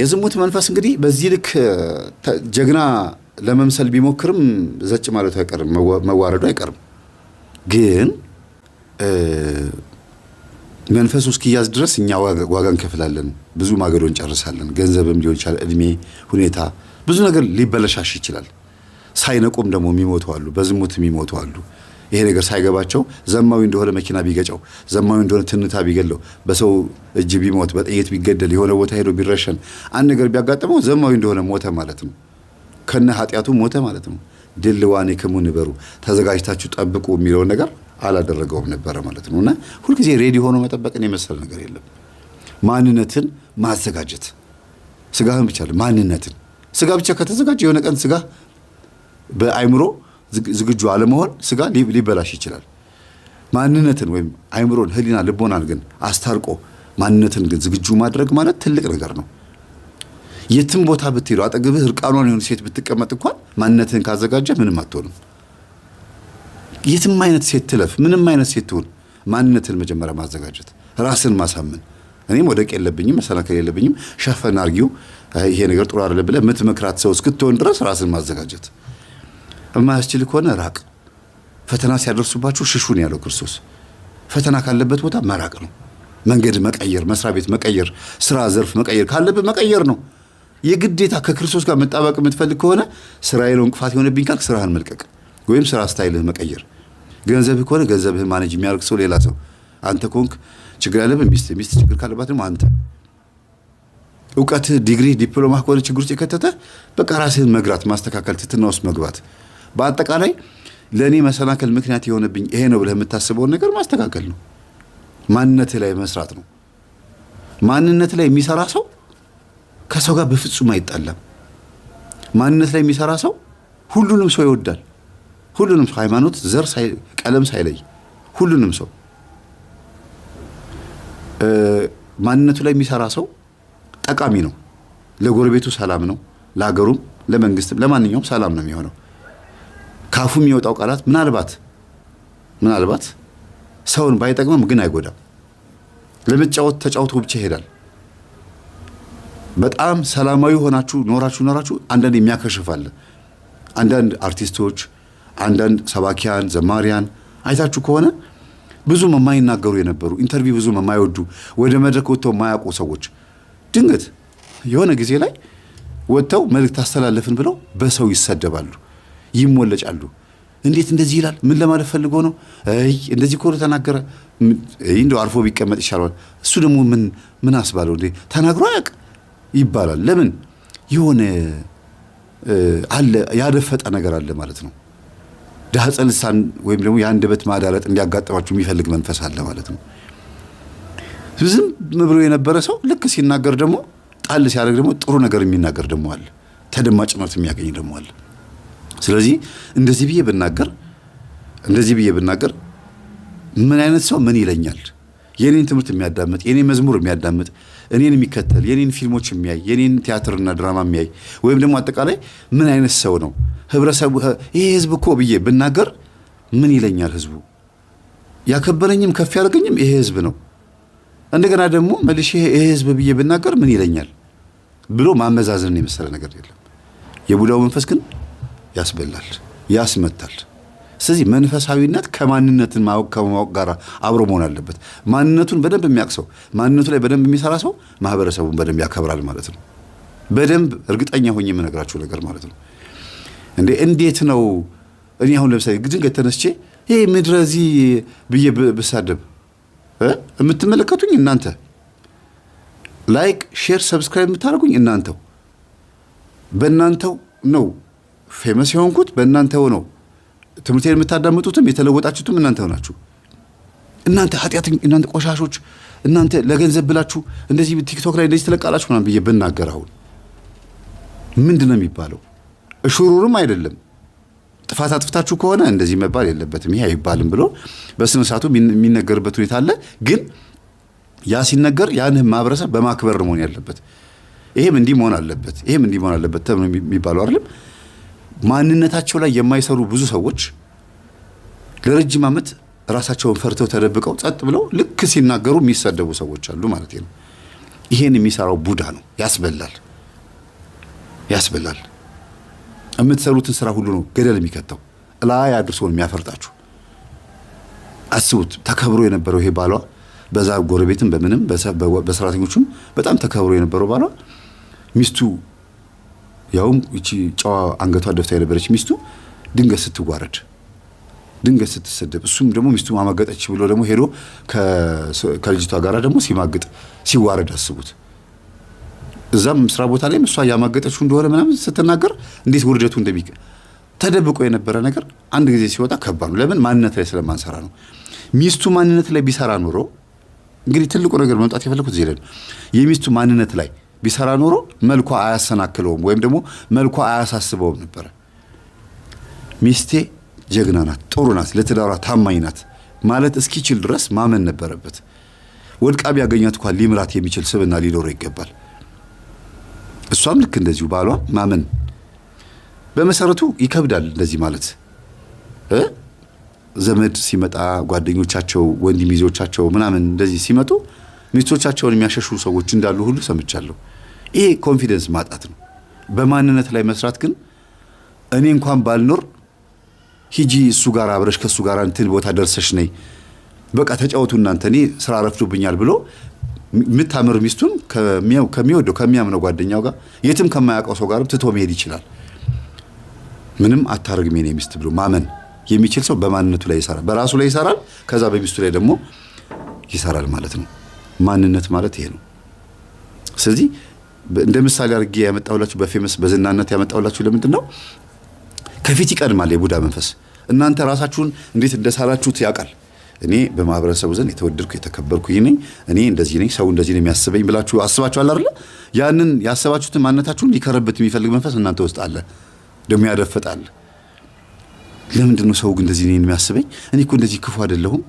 የዝሙት መንፈስ እንግዲህ በዚህ ልክ ጀግና ለመምሰል ቢሞክርም ዘጭ ማለቱ አይቀርም፣ መዋረዱ አይቀርም። ግን መንፈሱ እስኪያዝ ድረስ እኛ ዋጋ እንከፍላለን። ብዙ ማገዶ እንጨርሳለን። ገንዘብም ሊሆን ይችላል፣ እድሜ፣ ሁኔታ፣ ብዙ ነገር ሊበለሻሽ ይችላል። ሳይነቁም ደግሞ የሚሞቱ አሉ፣ በዝሙት የሚሞቱ አሉ። ይሄ ነገር ሳይገባቸው ዘማዊ እንደሆነ መኪና ቢገጨው፣ ዘማዊ እንደሆነ ትንታ ቢገለው፣ በሰው እጅ ቢሞት፣ በጥይት ቢገደል፣ የሆነ ቦታ ሄዶ ቢረሸን፣ አንድ ነገር ቢያጋጥመው ዘማዊ እንደሆነ ሞተ ማለት ነው። ከነ ኃጢአቱ ሞተ ማለት ነው። ድል ክሙ ንበሩ፣ ተዘጋጅታችሁ ጠብቁ የሚለውን ነገር አላደረገውም ነበረ ማለት ነው። እና ሁልጊዜ ሬዲ ሆኖ መጠበቅን የመሰለ ነገር የለም። ማንነትን ማዘጋጀት ስጋህን ብቻ ማንነትን ስጋ ብቻ ከተዘጋጀ የሆነ ቀን ስጋ በአይምሮ ዝግጁ አለመሆን ስጋ ሊበላሽ ይችላል። ማንነትን ወይም አይምሮን፣ ህሊና፣ ልቦናን ግን አስታርቆ ማንነትን ግን ዝግጁ ማድረግ ማለት ትልቅ ነገር ነው። የትም ቦታ ብትሄዱ አጠገብህ እርቃኗን የሆነ ሴት ብትቀመጥ እንኳን ማንነትህን ካዘጋጀ ምንም አትሆንም። የትም አይነት ሴት ትለፍ፣ ምንም አይነት ሴት ትሁን፣ ማንነትን መጀመሪያ ማዘጋጀት፣ ራስን ማሳመን፣ እኔም ወደቅ የለብኝም መሰናከል የለብኝም ሸፈን አርጊው ይሄ ነገር ጥሩ አይደለም ብለህ የምትመክራት ሰው እስክትሆን ድረስ ራስን ማዘጋጀት የማያስችል ከሆነ ራቅ። ፈተና ሲያደርሱባችሁ ሽሹን ያለው ክርስቶስ ፈተና ካለበት ቦታ መራቅ ነው። መንገድ መቀየር፣ መስሪያ ቤት መቀየር፣ ስራ ዘርፍ መቀየር ካለበት መቀየር ነው። የግዴታ ከክርስቶስ ጋር መጣበቅ የምትፈልግ ከሆነ ስራ የለው እንቅፋት የሆነብኝ ካልክ ስራህን መልቀቅ ወይም ስራ ስታይልህ መቀየር። ገንዘብህ ከሆነ ገንዘብህ ማነጅ የሚያደርግ ሰው ሌላ ሰው። አንተ ከሆንክ ችግር ያለብህ ሚስት፣ ሚስት ችግር ካለባት ደግሞ አንተ። እውቀትህ ዲግሪ፣ ዲፕሎማ ከሆነ ችግር ውስጥ የከተተ በቃ ራስህን መግራት ማስተካከል፣ ትትና ውስጥ መግባት በአጠቃላይ ለእኔ መሰናክል ምክንያት የሆነብኝ ይሄ ነው ብለህ የምታስበውን ነገር ማስተካከል ነው። ማንነት ላይ መስራት ነው። ማንነት ላይ የሚሰራ ሰው ከሰው ጋር በፍጹም አይጣላም። ማንነት ላይ የሚሰራ ሰው ሁሉንም ሰው ይወዳል። ሁሉንም ሰው ሃይማኖት፣ ዘር፣ ቀለም ሳይለይ ሁሉንም ሰው ማንነቱ ላይ የሚሰራ ሰው ጠቃሚ ነው። ለጎረቤቱ ሰላም ነው፣ ለሀገሩም፣ ለመንግስትም፣ ለማንኛውም ሰላም ነው የሚሆነው። ካፉ የሚወጣው ቃላት ምናልባት ምናልባት ሰውን ባይጠቅመም ግን አይጎዳም። ለመጫወት ተጫውቶ ብቻ ይሄዳል። በጣም ሰላማዊ ሆናችሁ ኖራችሁ ኖራችሁ አንዳንድ የሚያከሽፋለ አንዳንድ አርቲስቶች፣ አንዳንድ ሰባኪያን፣ ዘማሪያን አይታችሁ ከሆነ ብዙ የማይናገሩ የነበሩ ኢንተርቪው ብዙ የማይወዱ ወደ መድረክ ወጥተው የማያውቁ ሰዎች ድንገት የሆነ ጊዜ ላይ ወጥተው መልእክት አስተላለፍን ብለው በሰው ይሰደባሉ። ይሞለጫሉ። እንዴት እንደዚህ ይላል? ምን ለማለት ፈልጎ ነው? እንደዚህ ኮ ተናገረ፣ እንደው አርፎ ቢቀመጥ ይሻለዋል። እሱ ደግሞ ምን ምን አስባለው እንዴ ተናግሮ ያቅ ይባላል። ለምን የሆነ አለ ያደፈጠ ነገር አለ ማለት ነው። ዳህፀ ልሳን ወይም ደግሞ የአንደበት ማዳለጥ እንዲያጋጥማችሁ የሚፈልግ መንፈስ አለ ማለት ነው። ዝም ብሎ የነበረ ሰው ልክ ሲናገር ደግሞ ጣል ሲያደርግ ደግሞ ጥሩ ነገር የሚናገር ደግሞ አለ፣ ተደማጭነት የሚያገኝ ደግሞ አለ። ስለዚህ እንደዚህ ብዬ ብናገር እንደዚህ ብዬ ብናገር ምን አይነት ሰው ምን ይለኛል? የኔን ትምህርት የሚያዳምጥ የኔን መዝሙር የሚያዳምጥ እኔን የሚከተል የኔን ፊልሞች የሚያይ የኔን ቲያትርና ድራማ የሚያይ ወይም ደግሞ አጠቃላይ ምን አይነት ሰው ነው ህብረተሰቡ? ይሄ ህዝብ እኮ ብዬ ብናገር ምን ይለኛል ህዝቡ? ያከበረኝም ከፍ ያደርገኝም ይሄ ህዝብ ነው። እንደገና ደግሞ መልሼ ይሄ ህዝብ ብዬ ብናገር ምን ይለኛል ብሎ ማመዛዘን የመሰለ ነገር የለም። የቡዳው መንፈስ ግን ያስበላል፣ ያስመታል። ስለዚህ መንፈሳዊነት ከማንነትን ማወቅ ከማወቅ ጋር አብሮ መሆን አለበት። ማንነቱን በደንብ የሚያውቅ ሰው፣ ማንነቱ ላይ በደንብ የሚሰራ ሰው ማህበረሰቡን በደንብ ያከብራል ማለት ነው። በደንብ እርግጠኛ ሆኜ የምነግራችሁ ነገር ማለት ነው። እንዴ እንዴት ነው እኔ አሁን ለምሳሌ ድንገት ተነስቼ ይህ ምድረዚ ብዬ ብሳደብ የምትመለከቱኝ እናንተ፣ ላይክ ሼር፣ ሰብስክራይብ የምታደርጉኝ እናንተው፣ በእናንተው ነው ፌመስ የሆንኩት በእናንተ ሆነው ትምህርቴን የምታዳምጡትም የተለወጣችሁትም እናንተ ሆናችሁ እናንተ ኃጢአት፣ እናንተ ቆሻሾች እናንተ ለገንዘብ ብላችሁ እንደዚህ ቲክቶክ ላይ እንደዚህ ትለቃላችሁ ምናምን ብዬ ብናገር አሁን ምንድን ነው የሚባለው? እሹሩርም አይደለም። ጥፋት አጥፍታችሁ ከሆነ እንደዚህ መባል የለበትም ይሄ አይባልም ብሎ በስነ ስርዓቱ የሚነገርበት ሁኔታ አለ። ግን ያ ሲነገር ያንህ ማህበረሰብ በማክበር መሆን ያለበት ይሄም እንዲህ መሆን አለበት ይሄም እንዲህ መሆን አለበት ተብሎ የሚባለው አይደለም። ማንነታቸው ላይ የማይሰሩ ብዙ ሰዎች ለረጅም ዓመት ራሳቸውን ፈርተው ተደብቀው ጸጥ ብለው ልክ ሲናገሩ የሚሰደቡ ሰዎች አሉ ማለት ነው። ይሄን የሚሰራው ቡዳ ነው። ያስበላል ያስበላል። የምትሰሩትን ስራ ሁሉ ነው ገደል የሚከተው ላይ አድርሶ የሚያፈርጣችሁ። አስቡት፣ ተከብሮ የነበረው ይሄ ባሏ በዛ ጎረቤትም በምንም በሰራተኞቹም በጣም ተከብሮ የነበረው ባሏ ሚስቱ ያውም እቺ ጨዋ አንገቷ ደፍታ የነበረች ሚስቱ ድንገት ስትዋረድ ድንገት ስትሰደብ እሱም ደግሞ ሚስቱ ማማገጠች ብሎ ደግሞ ሄዶ ከልጅቷ ጋር ደግሞ ሲማግጥ ሲዋረድ አስቡት። እዛም ስራ ቦታ ላይም እሷ እያማገጠች እንደሆነ ምናምን ስትናገር እንዴት ውርደቱ እንደሚቀ ተደብቆ የነበረ ነገር አንድ ጊዜ ሲወጣ ከባድ ነው። ለምን ማንነት ላይ ስለማንሰራ ነው። ሚስቱ ማንነት ላይ ቢሰራ ኑሮ እንግዲህ ትልቁ ነገር መምጣት የፈለኩት ዜለ የሚስቱ ማንነት ላይ ቢሰራ ኖሮ መልኳ አያሰናክለውም ወይም ደግሞ መልኳ አያሳስበውም ነበረ። ሚስቴ ጀግና ናት፣ ጥሩ ናት፣ ለትዳሯ ታማኝ ናት ማለት እስኪችል ድረስ ማመን ነበረበት። ወድቃ ቢያገኛት እንኳን ሊምራት የሚችል ስብና ሊኖረው ይገባል። እሷም ልክ እንደዚሁ ባሏ ማመን በመሰረቱ ይከብዳል። እንደዚህ ማለት ዘመድ ሲመጣ ጓደኞቻቸው፣ ወንድ ሚዜዎቻቸው ምናምን እንደዚህ ሲመጡ ሚስቶቻቸውን የሚያሸሹ ሰዎች እንዳሉ ሁሉ ሰምቻለሁ። ይሄ ኮንፊደንስ ማጣት ነው። በማንነት ላይ መስራት ግን እኔ እንኳን ባልኖር ሂጂ እሱ ጋር አብረሽ ከእሱ ጋር እንትን ቦታ ደርሰሽ ነይ በቃ ተጫወቱ እናንተ እኔ ስራ ረፍዶብኛል ብሎ የምታምር ሚስቱን ከሚወደው ከሚያምነው ጓደኛው ጋር የትም ከማያውቀው ሰው ጋርም ትቶ መሄድ ይችላል። ምንም አታርግሜ ነው ሚስት ብሎ ማመን የሚችል ሰው በማንነቱ ላይ ይሰራል፣ በራሱ ላይ ይሰራል፣ ከዛ በሚስቱ ላይ ደግሞ ይሰራል ማለት ነው። ማንነት ማለት ይሄ ነው። ስለዚህ እንደ ምሳሌ አድርጌ ያመጣሁላችሁ በፌመስ በዝናነት ያመጣሁላችሁ ለምንድን ነው? ከፊት ይቀድማል የቡዳ መንፈስ። እናንተ ራሳችሁን እንዴት እንደሳላችሁት ያውቃል። እኔ በማህበረሰቡ ዘንድ የተወደድኩ የተከበርኩ ይህ ነኝ፣ እኔ እንደዚህ ነኝ፣ ሰው እንደዚህ ነው የሚያስበኝ ብላችሁ አስባችኋል አይደለ? ያንን ያሰባችሁትን ማንነታችሁን ሊከረበት የሚፈልግ መንፈስ እናንተ ውስጥ አለ፣ ደግሞ ያደፈጣል። ለምንድን ነው ሰው እንደዚህ ነው የሚያስበኝ? እኔ እኮ እንደዚህ ክፉ አይደለሁም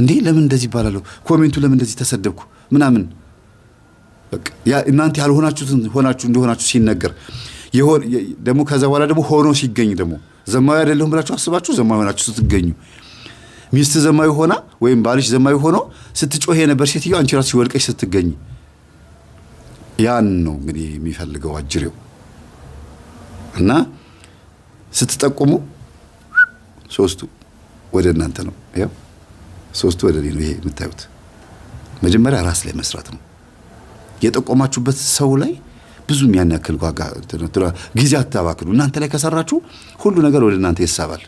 እንዴ? ለምን እንደዚህ ይባላለሁ? ኮሜንቱ ለምን እንደዚህ ተሰደብኩ ምናምን እናንተ ያልሆናችሁትን ሆናችሁ እንደሆናችሁ ሲነገር ደግሞ ከዛ በኋላ ደግሞ ሆኖ ሲገኝ ደግሞ ዘማዊ አይደለሁም ብላችሁ አስባችሁ ዘማዊ ሆናችሁ ስትገኙ ሚስት ዘማዊ ሆና ወይም ባልሽ ዘማዊ ሆኖ ስትጮህ የነበር ሴትዮ አንቺ ራስሽ ወድቀሽ ስትገኝ ያን ነው እንግዲህ የሚፈልገው አጅሬው እና ስትጠቁሙ ሶስቱ ወደ እናንተ ነው። ያው ሶስቱ ወደ እኔ ነው። ይሄ የምታዩት መጀመሪያ ራስ ላይ መስራት ነው። የጠቆማችሁበት ሰው ላይ ብዙም ያን ያክል ዋጋ ጊዜ እናንተ ላይ ከሰራችሁ ሁሉ ነገር ወደ እናንተ ይሳባል።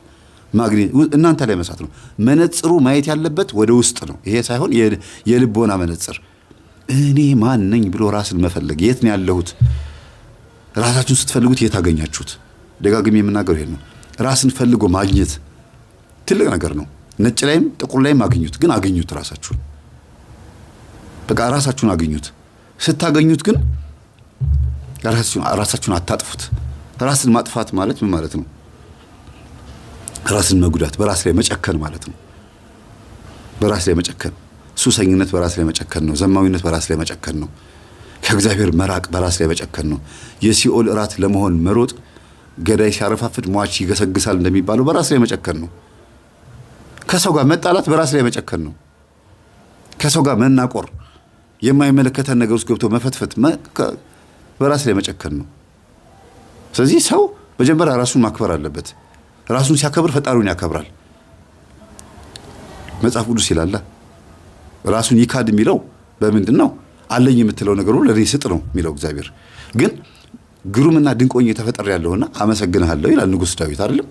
እናንተ ላይ መስራት ነው። መነጽሩ ማየት ያለበት ወደ ውስጥ ነው። ይሄ ሳይሆን የልቦና መነጽር እኔ ማን ነኝ ብሎ ራስን መፈለግ። የት ነው ያለሁት? ራሳችሁን ስትፈልጉት የት አገኛችሁት? ደጋግሜ የምናገሩ ይሄ ነው። ራስን ፈልጎ ማግኘት ትልቅ ነገር ነው። ነጭ ላይም ጥቁር ላይም አገኙት ግን አገኙት ራሳችሁን በቃ ራሳችሁን አገኙት? ስታገኙት ግን ራሳችሁን አታጥፉት። ራስን ማጥፋት ማለት ምን ማለት ነው? ራስን መጉዳት፣ በራስ ላይ መጨከን ማለት ነው። በራስ ላይ መጨከን፣ ሱሰኝነት በራስ ላይ መጨከን ነው። ዘማዊነት በራስ ላይ መጨከን ነው። ከእግዚአብሔር መራቅ በራስ ላይ መጨከን ነው። የሲኦል እራት ለመሆን መሮጥ፣ ገዳይ ሲያረፋፍድ ሟች ይገሰግሳል እንደሚባለው በራስ ላይ መጨከን ነው። ከሰው ጋር መጣላት በራስ ላይ መጨከን ነው። ከሰው ጋር መናቆር የማይመለከተን ነገር ውስጥ ገብቶ መፈትፈት በራስ ላይ መጨከን ነው። ስለዚህ ሰው መጀመሪያ ራሱን ማክበር አለበት። ራሱን ሲያከብር ፈጣሪውን ያከብራል። መጽሐፍ ቅዱስ ይላል ራሱን ይካድ የሚለው በምንድን ነው? አለኝ የምትለው ነገር ሁሉ ለእኔ ስጥ ነው የሚለው እግዚአብሔር። ግን ግሩምና ድንቆኝ የተፈጠር ያለውና አመሰግንሃለሁ ይላል ንጉሥ ዳዊት አይደለም።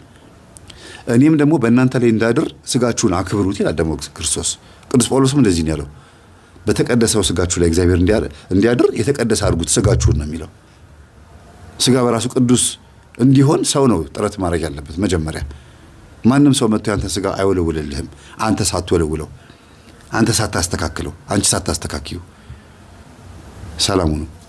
እኔም ደግሞ በእናንተ ላይ እንዳድር ስጋችሁን አክብሩት ይላል ደግሞ ክርስቶስ። ቅዱስ ጳውሎስም እንደዚህ ነው ያለው በተቀደሰው ስጋችሁ ላይ እግዚአብሔር እንዲያድር የተቀደሰ አድርጉት ስጋችሁን ነው የሚለው። ስጋ በራሱ ቅዱስ እንዲሆን ሰው ነው ጥረት ማድረግ ያለበት። መጀመሪያ ማንም ሰው መጥቶ ያንተ ስጋ አይወለውልልህም። አንተ ሳትወለውለው፣ አንተ ሳታስተካክለው፣ አንቺ ሳታስተካክዩ ሰላሙ ነው።